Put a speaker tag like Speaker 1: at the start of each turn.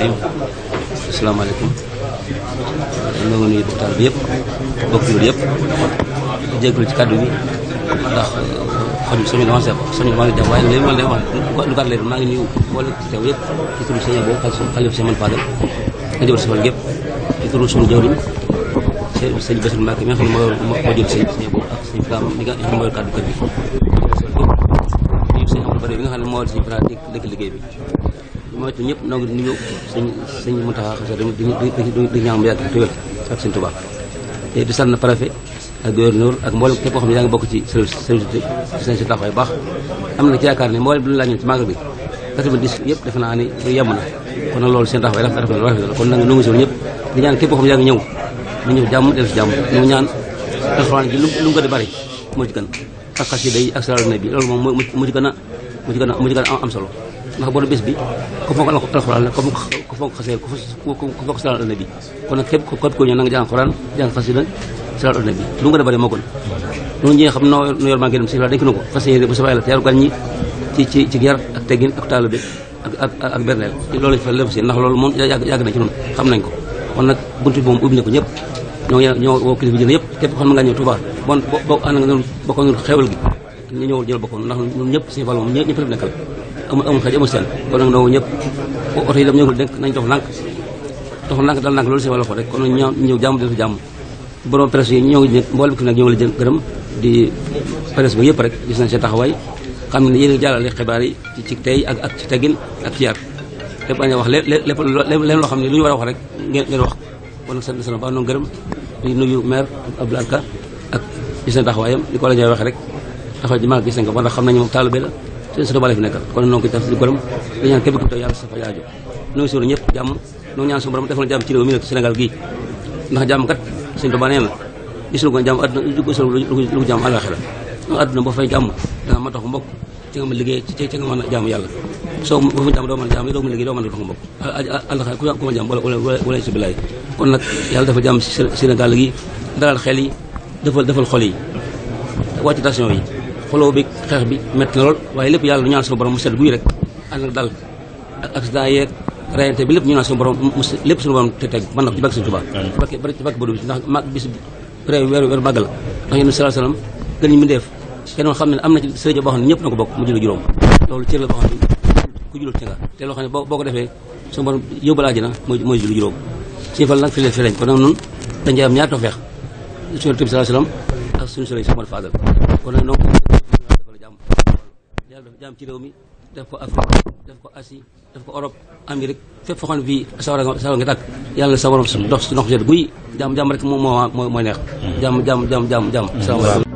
Speaker 1: Assalamualaikum. asalaamaaleykum ñoo ngi nuyu taal bi yëpp bokk jul yëpp jégalu ci kàddu bi ndax xajul soñu dama sepp soñu dama dem waaye léegi ma lay wax lu gàtt leen maa ngi nuyu boole ko Saya yëpp ci turu sëñ boobu xal xalif Saya man fadal nga moytu ñëpp noo ngi nuyu sëñ sëñ Mountakha Xassé dañu duñu duñu ñaan mu yàgg ak tëwal ak sëñ Touba te di sànn préfet ak gouverneur ak mboolem képp koo xam ne yaa ngi bokk ci service service seen si taxawaay baax am na ci yaakaar ne mboolem du la ñëw ci màggal bi 90 yëpp def naa ni lu yemm na kon nag loolu seen taxawaay rafet rafet rafet la kon nag nu ngi si ñëpp di ñaan képp koo xam ne yaa ngi ñëw na ñëw jàmm dellu ñu ñaan alxuraan ji lu mu gën bari moo ci gën ak xasida yi ak salaatu nabi loolu moom moo ci gën a ci gën a ci gën am solo ndax borom bés bi ku fonk alxuraan la ku fonk xasee ku kon nag képp képp ko ñëw na nga jàng lu nga da bëri moo gën loolu ñi nga xam no no yor ko xam nañ nga ñëw Touba bon boo ànd nga bokkoon xewal gi ñu ñëwul bokkoon ndax ñëpp si wàllum ñëpp nekkal amul xaj amul seen kon nag noowu ñëpp oto yi dem ñëwul denk nañ dox lànk dox lànk dal lànk loolu seen wàllu ko rek kon nag ñëw ñëw jàmm def jàmm borom presse yi ñoo ngi nekk mboolem ki nag ñoo ngi la jëm gërëm di presse bi yëpp rek gis nañ seen taxawaay xam ne yéen a jàllale xibaar yi ci ci tey ak ak ci teggin ak ci yar lépp a wax lépp leen loo xam ne ñu a moom taalibe la saya sa balik fi kon noo ngi koy di gërëm di ñaan képp ku taw yàlla sa fa yaajo suñu ñëpp jàmm noo ñaan suñu borom defal jàmm ci réew mi nag Sénégal gii ndax jam kat sëñ Tuubaa nee na gisul ko jàmm àdduna lu ko lu jam jàmm àllaaxira àdduna boo fay jàmm da ma tax mbokk ci nga ma liggéey ci ci nga mën a jàmm yàlla soo boo jam jàmm doo mën a jàmm doo mën a liggéey doo ku wala wala kon dafa gi dalal xel yi defal defal xol yi yi xoloo bi xeex bi métti na lool waaye lépp yàlla ñu ñaan suñu borom mu set guy rek ànd ak dal ak accident yeeg rayante bi lépp ñu ñaan suñu borom mu lépp suñu borom te teg man na ko ci bàkk suñu tubaab ci bàkk ci bàkk borom bi ndax mag bis réew weer weer màgg la ndax yéen salaa salaam gën ñu mindeef kenn xam ne am na ci sëriñ boo xam ne ñëpp na ko bokk mu julli juróom loolu cër la boo xam ne ku julul ci nga te loo xam ne boo ko suñu borom yóbbal àjjana mooy mooy julli juróom suñu fal nag fi leen fi lañ kon nag dañ am ñaar tawfeex suñu tubi salaa salaam tahsin sulay sama fadal kon nak nopi dafa jam yalla dafa jam ci rewmi dafa afrique dafa asi dafa europe amerique fepp xone vi sawara sawara nga tak yalla sa borom sum dox ci dox jet buy jam jam rek mo mo mo neex jam jam jam jam jam salam